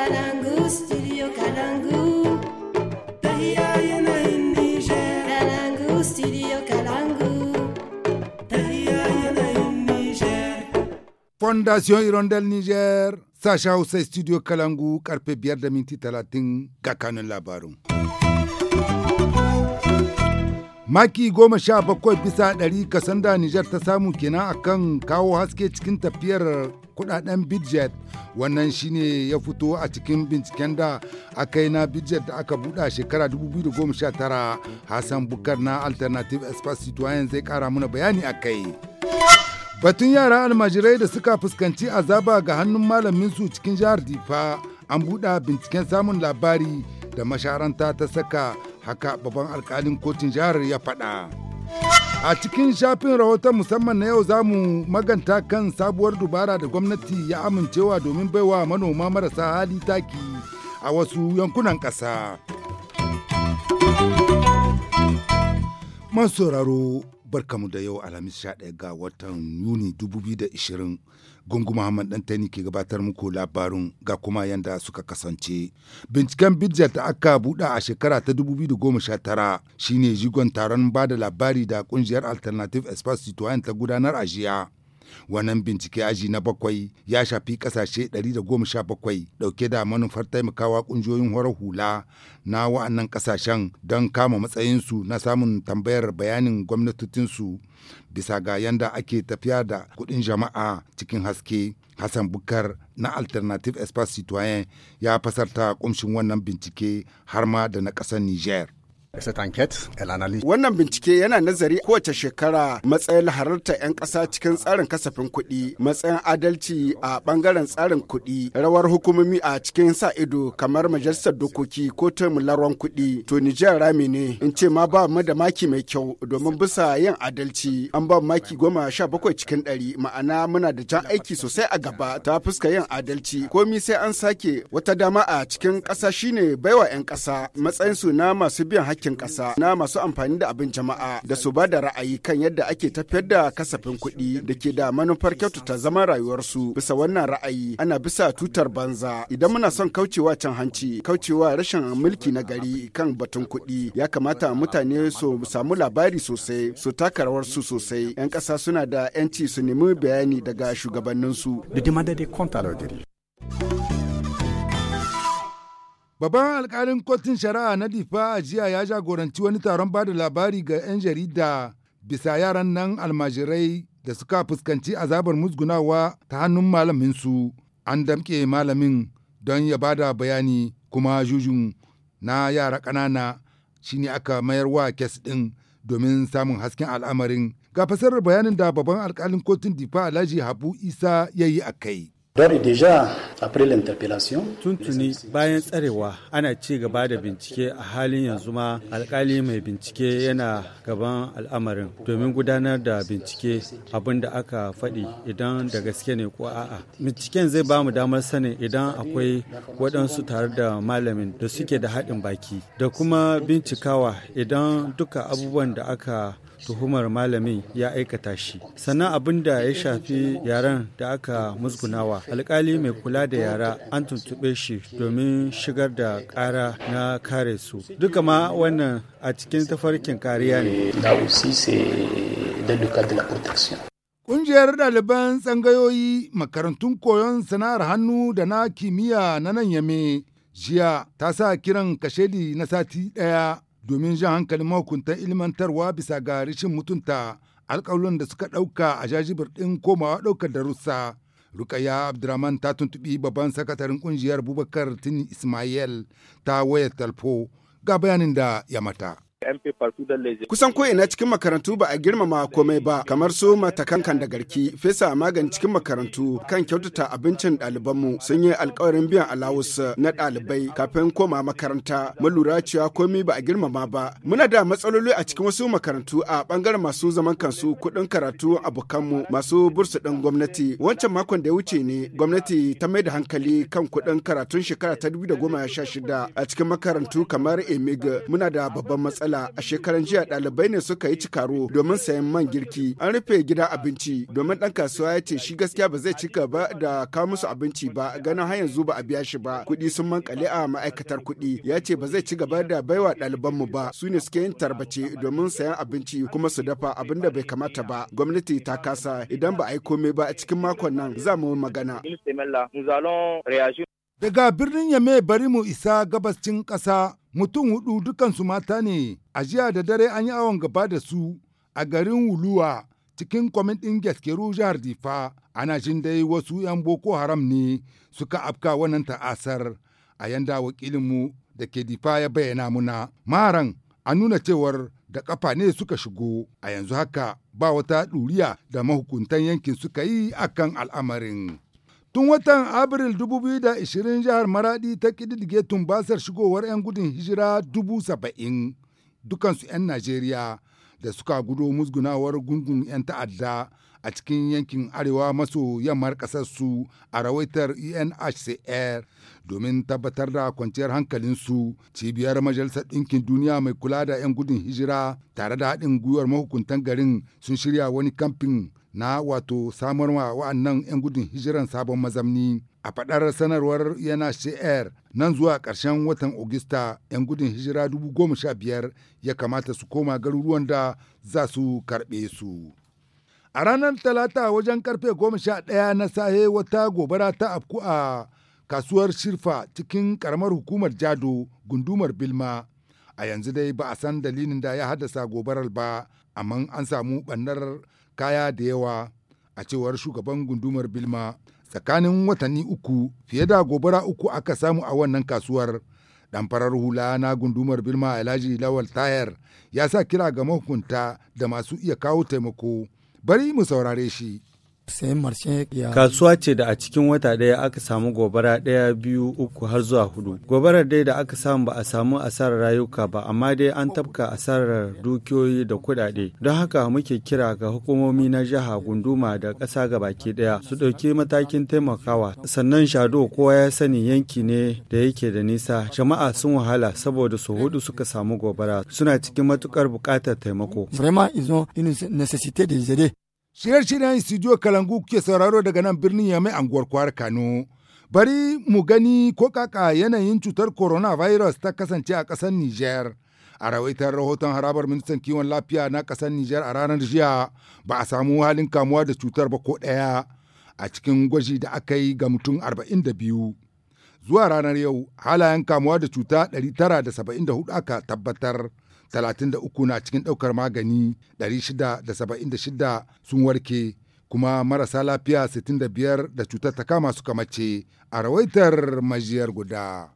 kalangu studio kalangu yanayin fondation irondel niger sacha hausa studio kalangu karfe biyar da minti talatin ga kanun maki goma sha bakwai bisa ɗari kasanda Nijar ta samu kenan akan kawo haske cikin tafiyar kudaden budget wannan shine ya fito a cikin binciken da aka yi na budget da aka buɗa shekara 2019 hassan bukar na alternative espace citoyen zai kara mana bayani a kai batun yara almajirai da suka fuskanci azaba ga hannun malamin su cikin jihar difa an buɗa binciken samun labari da masharanta ta saka haka babban alkalin kotun jihar ya faɗa. A cikin shafin rahoton musamman na yau za mu maganta kan sabuwar dubara da gwamnati ya amincewa domin baiwa manoma marasa hali taki a wasu yankunan ƙasa. Masu sauraro barkamu da yau Alhamis 11 ga watan Yuni 2020 Gungu Muhammad Dantani ke gabatar muku labarin ga kuma yanda suka kasance. Binciken Bidjar ta aka buɗe a shekara ta 2019 shine jigon taron ba da labari da kungiyar Alternative Espace Citoyen ta gudanar a jiya. Wannan bincike aji na bakwai ya shafi kasashe 117 ɗauke da manufar taimakawa kungiyoyin horar hula na wa'annan kasashen don kama matsayinsu na samun tambayar bayanin gwamnatocinsu bisa ga yanda ake tafiya da kudin jama'a cikin haske hassan bukar na alternative espace citoyen ya fasarta kumshin wannan bincike har ma da na ƙasar niger Wannan bincike yana nazari kowace shekara matsayin halarta 'yan ƙasa cikin tsarin kasafin kuɗi, matsayin adalci a ɓangaren tsarin kuɗi, rawar hukumomi a cikin sa ido kamar majalisar dokoki ko tumularwan kuɗi. To Nijar rami ne, in ce ma ba mu da maki mai kyau domin bisa yin adalci an ba maki goma sha bakwai cikin ɗari ma'ana muna da jan aiki sosai a gaba ta fuska yin adalci komi sai an sake wata dama a cikin ƙasa shine baiwa 'yan ƙasa matsayinsu na masu biyan hakki arzikin ƙasa na masu amfani da abin jama'a da su ba da ra'ayi kan yadda ake tafiyar da kasafin kuɗi da ke da manufar kyautata zama rayuwarsu bisa wannan ra'ayi ana bisa tutar banza idan muna son kaucewa can hanci kaucewa rashin mulki na gari kan batun kuɗi ya kamata mutane su samu labari sosai su taka rawar su sosai 'yan ƙasa suna da 'yanci su nemi bayani daga shugabanninsu. Thank you. Babban alkalin kotun shari'a na Difa a jiya ya jagoranci wani taron ba da labari ga 'yan jarida bisa yaran nan almajirai da suka fuskanci azabar musgunawa ta hannun malaminsu. An damke malamin don ya bada bayani kuma jujun na yara ƙanana shine aka mayar wa kes ɗin domin samun hasken al'amarin. Ga fasarar bayanin da babban alkalin kotun Difa Alhaji Habu Isa ya yi a kai. Tuntuni bayan tsarewa ana ci gaba da bincike a halin yanzu ma alkali mai bincike yana gaban al'amarin domin gudanar da bincike abin da aka faɗi idan da gaske ne ko a'a. Binciken zai ba mu damar sanin idan akwai waɗansu tare da malamin da suke da haɗin baki da kuma bincikawa idan duka abubuwan da aka tuhumar malamin ya aikata shi sannan abin da ya shafi yaren da aka musgunawa alkali mai kula da yara an tuntube shi domin shigar da kara na kare su duka ma wannan a cikin tafarkin kariya ne Ƙungiyar ɗaliban tsangayoyi makarantun koyon sana'ar hannu da na kimiyya na nan yame jiya ta sa kiran kashedi na sati ɗaya domin jan hankalin mahukuntan ilmantarwa bisa ga rashin mutunta alƙawlin da suka ɗauka a jajibir ɗin komawa ɗaukar darussa. Rukaya Abdurrahman ta tuntubi babban sakataren ƙungiyar Bubakar tin Ismail ta wayar talfo ga bayanin da ya mata. Kusan ko ina cikin makarantu ba a girmama komai ba, kamar su matakan kan da garki, fesa magan cikin makarantu kan kyautata abincin ɗalibanmu sun yi alkawarin biyan alawus na ɗalibai kafin koma makaranta. Mun lura cewa komai ba a girmama ba. Muna da matsaloli a cikin wasu makarantu a bangaren masu zaman kansu kuɗin karatu abokanmu masu bursu ɗin gwamnati. Wancan makon da ya wuce ne gwamnati ta mai da hankali kan kuɗin karatun shekara ta 2016 a cikin makarantu kamar Emig muna da babban matsala. matsala a shekaran jiya ɗalibai ne suka yi cikaro domin sayan man girki an rufe gida abinci domin dan kasuwa ya ce shi gaskiya ba zai cika ba da kawo musu abinci ba ganin har yanzu ba a biya shi ba kuɗi sun mankale a ma'aikatar kuɗi ya ce ba zai ci gaba da baiwa mu ba su ne suke yin tarbace domin sayan abinci kuma su dafa abin da bai kamata ba gwamnati ta kasa idan ba a yi komai ba a cikin makon nan za mu magana. Daga birnin Yame bari mu isa gabas cin ƙasa mutum hudu dukansu mata ne a jiya da dare an yi awon gaba da su a garin wuluwa cikin kwamitin ɗin gaskeru jihar difa ana jin dai wasu 'yan boko haram ne suka afka wannan ta'asar a yanda wakilinmu da ke difa ya bayyana muna maran a nuna cewar da kafa ne suka shigo a yanzu haka ba wata ɗuriya da mahukuntan yankin suka yi akan al'amarin. Tun watan Abril 2020 jihar Maradi ta ƙididdige tumbasar shigowar 'yan gudun hijira dubu saba'in dukansu 'yan Najeriya da suka gudo musgunawar gungun 'yan ta'adda a cikin yankin arewa maso yammar ƙasarsu a rawaitar UNHCR domin tabbatar da kwanciyar hankalinsu cibiyar majalisar ɗinkin duniya mai kula da 'yan gudun hijira tare da haɗin gwiwar mahukuntan garin sun shirya wani kamfin na wato samarwa wa'annan 'yan gudun hijiran sabon mazamni a fadar sanarwar yana shayar nan zuwa ƙarshen watan Ogista 'yan gudun hijira dubu goma sha biyar ya kamata su koma garuruwan da za su karɓe su. A ranar Talata wajen karfe goma sha ɗaya na sahe wata gobara ta afku a kasuwar Shirfa cikin karamar hukumar Jado gundumar Bilma. A yanzu dai ba a san dalilin da ya haddasa gobarar ba, amma an samu ɓannar kaya da yawa a cewar shugaban gundumar Bilma tsakanin watanni uku fiye da gobara uku aka samu a wannan kasuwar. Dan farar hula na gundumar Bilma Alhaji Lawal Tayar ya sa kira ga mahukunta da masu iya kawo taimako. Bari mu saurare shi. Kasuwa ce da a cikin wata ɗaya aka samu gobara ɗaya biyu uku har zuwa hudu. Gobarar dai da aka samu ba a samu asarar rayuka ba amma dai an tafka asarar dukiyoyi da kuɗaɗe. Don haka muke kira ga hukumomi na jiha gunduma da ƙasa baki ɗaya su ɗauki matakin taimakawa. Sannan Shado kowa ya sani yanki ne da yake da nisa. Jama'a sun wahala saboda su hudu suka samu gobara suna cikin matukar buƙatar taimako. Vraiment ils ont une nécessité de Shirye-shiryen Studio Kalangu kuke sauraro daga nan birnin Yamai anguwar kwar Kano. Bari mu gani ko kaka yanayin cutar coronavirus ta kasance a ƙasar Nijar. A rawaitar rahoton harabar ministan kiwon lafiya na ƙasar Nijar a ranar jiya ba a samu halin kamuwa da cutar ba ko ɗaya a cikin gwaji da aka yi ga mutum 42. Zuwa ranar yau halayen kamuwa da cuta 974 aka tabbatar. 33 na cikin ɗaukar magani 676 sun warke kuma marasa lafiya 65 da cutar ta kama suka mace a rawaitar majiyar guda.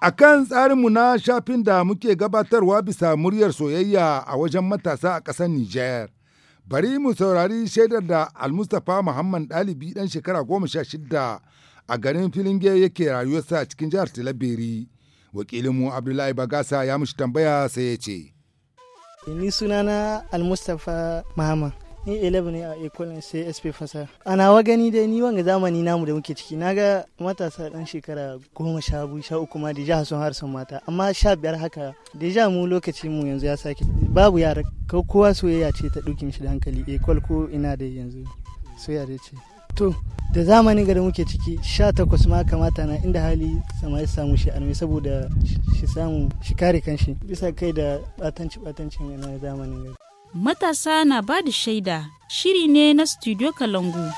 A kan tsarinmu na shafin da muke gabatarwa bisa muryar soyayya a wajen matasa a ƙasar Nijar. Bari mu saurari shaidar da Almustapha Muhammad ɗalibi ɗan shekara goma sha shida a garin Filinge yake rayuwarsa cikin jihar tilabiri mu abdullahi bagasa ya mishi tambaya sai ya ce ni sunana almustapha mahama ni 11 ne a ekolin sai sp fasa a nawa gani dai ni wanga zamani namu da muke ciki na ga matasa dan shekara goma sha biyu sha uku ma deja sun har sun mata amma sha biyar haka deja mu lokacin mu yanzu ya sake babu yara ko kowa soyayya ce ta dukin shi da hankali ekol ko ina da yanzu soyayya ce to da zamani gari muke ciki sha takwas ma kamata na inda hali sama ya samu shi armi saboda shi samu shi kare kanshi bisa kai da batanci batanci na zamanin gari matasa na ba da shaida shiri ne na studio kalangu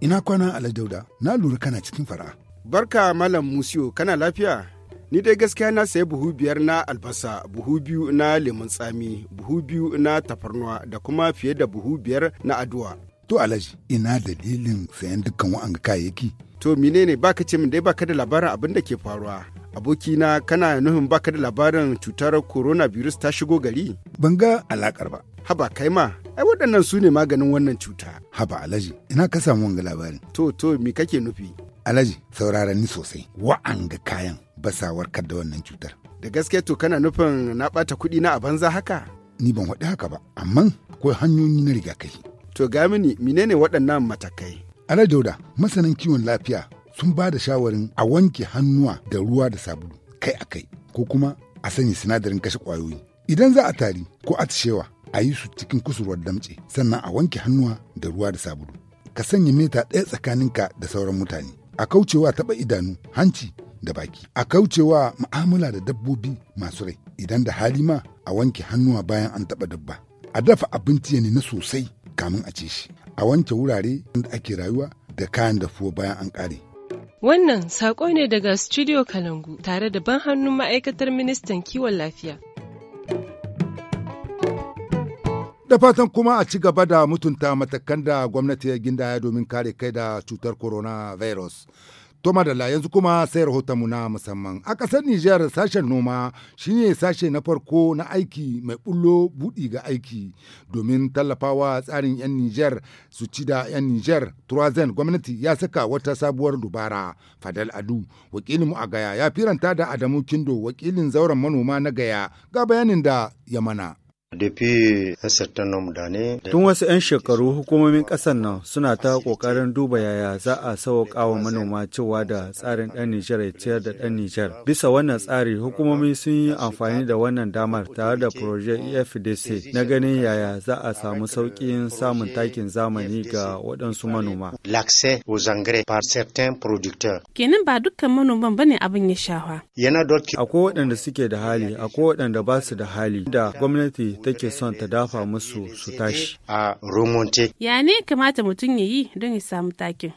ina kwana aladauda na lura kana cikin fara barka malam musiyo kana lafiya Ni dai gaskiya na sayi buhu biyar na albasa, buhu biyu na lemun tsami, buhu biyu na tafarnuwa da kuma fiye da buhu biyar na aduwa. To Alhaji, ina dalilin sayan dukkan wa'an kayayyaki? To menene baka ce min dai baka da labarin abin da ke faruwa? abokina kana nufin baka da labarin cutar coronavirus ta shigo gari? Ban ga alakar ba. Haba kai ma, ai waɗannan su ne maganin wannan cuta. Haba Alhaji, ina ka samu wanga labarin. To to me kake nufi? Alhaji, saurara ni sosai. Wa'anga kayan ba sa warkar da wannan cutar. Da gaske to kana nufin na bata kuɗi na a banza haka? Ni ban waɗi haka ba, amma akwai hanyoyi na rigakafi. To ga mini menene waɗannan matakai? Ala Dauda, masanan kiwon lafiya sun ba da shawarin a wanke hannuwa da ruwa da sabulu kai a kai ko kuma a sanya sinadarin kashe ƙwayoyi. Idan za a tari ko atishewa a yi su cikin kusurwar damtse sannan a wanke hannuwa da ruwa da sabulu. Ka sanya mita ɗaya tsakaninka da sauran mutane. A kaucewa taɓa idanu, hanci da baki a kaucewa mu'amala da dabbobi masu rai idan da hali ma a wanke hannuwa bayan an taba dabba a dafa abinci ya na sosai kamin a ci shi a wanke wurare da ake rayuwa da kayan dafuwa bayan an kare. Wannan saƙo ne daga Studio Kalangu tare da ban hannun ma'aikatar ministan kiwon lafiya. Da fatan kuma a ci gaba da mutunta matakan da gwamnati ya gindaya domin kare kai da cutar coronavirus. To madalla yanzu kuma sai rahotonmu na musamman. A ƙasar Nijar sashen noma shine sashe na farko na aiki mai bullo buɗi ga aiki domin tallafawa tsarin 'yan Nijar su ci da 'yan Nijar. Turazen gwamnati ya saka wata sabuwar dubara. Fadal Adu wakilinmu a Gaya ya firanta da Adamu Kindo wakilin zauren manoma na Gaya ga bayanin da ya mana. Tun wasu 'yan shekaru hukumomin ƙasar nan suna ta ƙoƙarin duba yaya za a sauƙa wa manoma cewa da tsarin ɗan Nijar ya ciyar da ɗan Nijar. Bisa wannan tsari hukumomi sun yi amfani da wannan damar tare da Proje EFDC na ganin yaya za a samu sauƙin samun takin zamani ga waɗansu manoma. Kenan ba dukkan manoman bane abin ya shafa. Akwai waɗanda suke da hali, akwai waɗanda ba su da hali da gwamnati take son ta dafa musu su tashi. Ya ne kamata mutum ya yi don ya samu takin?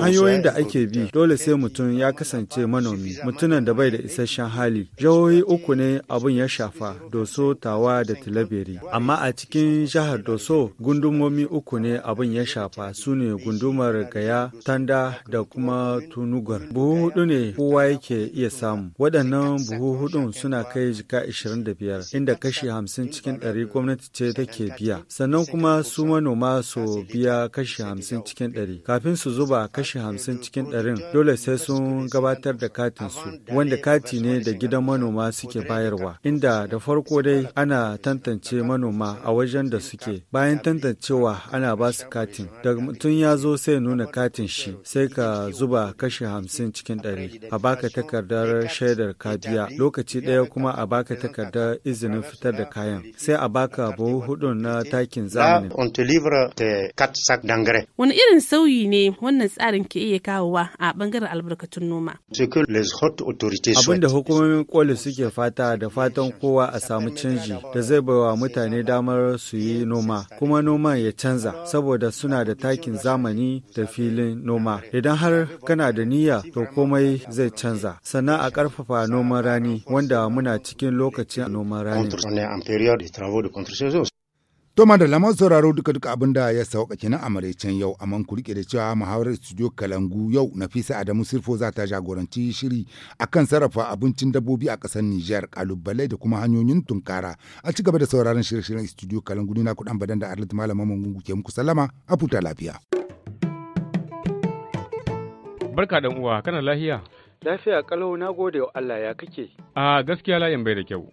Hanyoyin da ake bi dole sai mutum ya kasance manomi, mutumin da bai da isasshen hali. Jihohi uku ne abin ya shafa, Doso, Tawa da Tilaberi. Amma a cikin jihar Doso, gundumomi uku ne abin ya shafa su ne gundumar Gaya, Tanda da kuma Tunugar. Buhu hudu ne kowa yake iya samu. Waɗannan buhu hudun suna kai jika 25, inda kashi 50 hamsin cikin ɗari gwamnati ce take biya sannan kuma su manoma su biya kashi hamsin cikin ɗari kafin su zuba kashi hamsin cikin ɗarin dole sai sun gabatar da katin su wanda kati ne da gidan manoma suke bayarwa inda da farko dai ana tantance manoma a wajen da suke bayan tantancewa ana ba su katin da mutum ya zo sai nuna katin shi sai ka zuba kashi hamsin cikin ɗari a baka takardar shaidar ka lokaci ɗaya kuma a baka takardar izinin fitar da katin kayan sai a baka buhu hudun na takin zamani. Wani irin sauyi ne wannan tsarin ke iya kawowa a bangaren albarkatun noma? Abin da hukumomin koli suke fata da fatan kowa a samu canji da zai baiwa mutane damar su yi noma kuma noma ya canza saboda suna da takin zamani da filin noma. Idan har kana da niyya to komai zai canza sannan a ƙarfafa noman rani wanda muna cikin lokacin noman rani. ministériel des travaux de contre-saison. To da lamar sauraro duka duka abin da ya sauƙaƙe na a yau a man rike da cewa muhawarar studio Kalangu yau Nafisa Adamu Sirfo za ta jagoranci shiri akan sarrafa abincin dabbobi a ƙasar Nijar kalubale da kuma hanyoyin tunkara. A ci gaba da sauraron shirye-shiryen studio Kalangu ni na kuɗan badan da Arlit Malaman gungu ke muku salama a futa lafiya. Barka dan uwa kana lahiya. Lafiya kalau na gode wa Allah ya kake. A gaskiya layin bai da kyau.